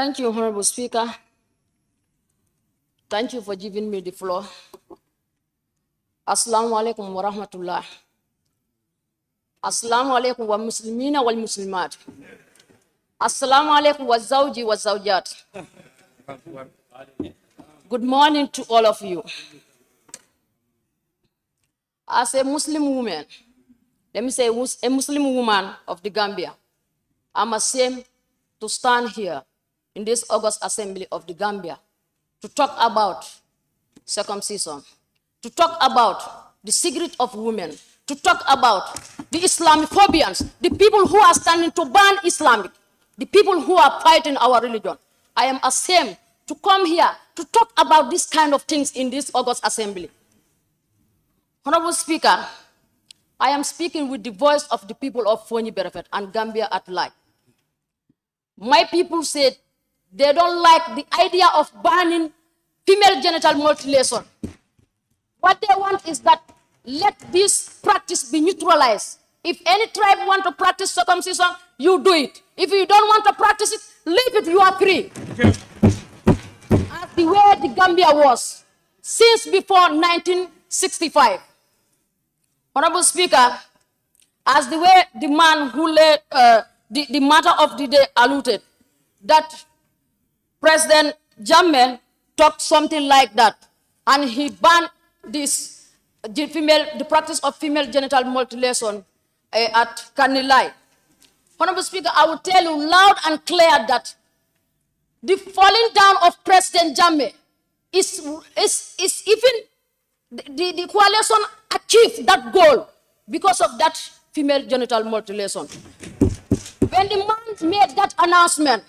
Thank you, Honorable Speaker. Thank you for giving me the floor. Assalamu alaikum wa rahmatullah. Assalamu alaikum wa muslimina wal muslimat. Assalamu alaikum wa zawji wa zawjat. Good morning to all of you. As a Muslim woman, let me say a Muslim woman of the Gambia, I'm ashamed to stand here in this August Assembly of the Gambia to talk about circumcision, to talk about the secret of women, to talk about the Islamophobians, the people who are standing to ban Islamic, the people who are fighting our religion. I am ashamed to come here to talk about this kind of things in this August Assembly. Honorable Speaker, I am speaking with the voice of the people of Foni Berefet and Gambia at large. My people said they don't like the idea of banning female genital mutilation. What they want is that let this practice be neutralized. If any tribe want to practice circumcision, you do it. If you don't want to practice it, leave it, you are free. Okay. As the way the Gambia was since before 1965. Honorable Speaker, as the way the man who led uh, the, the matter of the day alluded, that President Jammeh talked something like that, and he banned this the female the practice of female genital mutilation uh, at Kanilai. Honorable Speaker, I will tell you loud and clear that the falling down of President Jammeh is, is, is even the, the coalition achieved that goal because of that female genital mutilation. When the man made that announcement,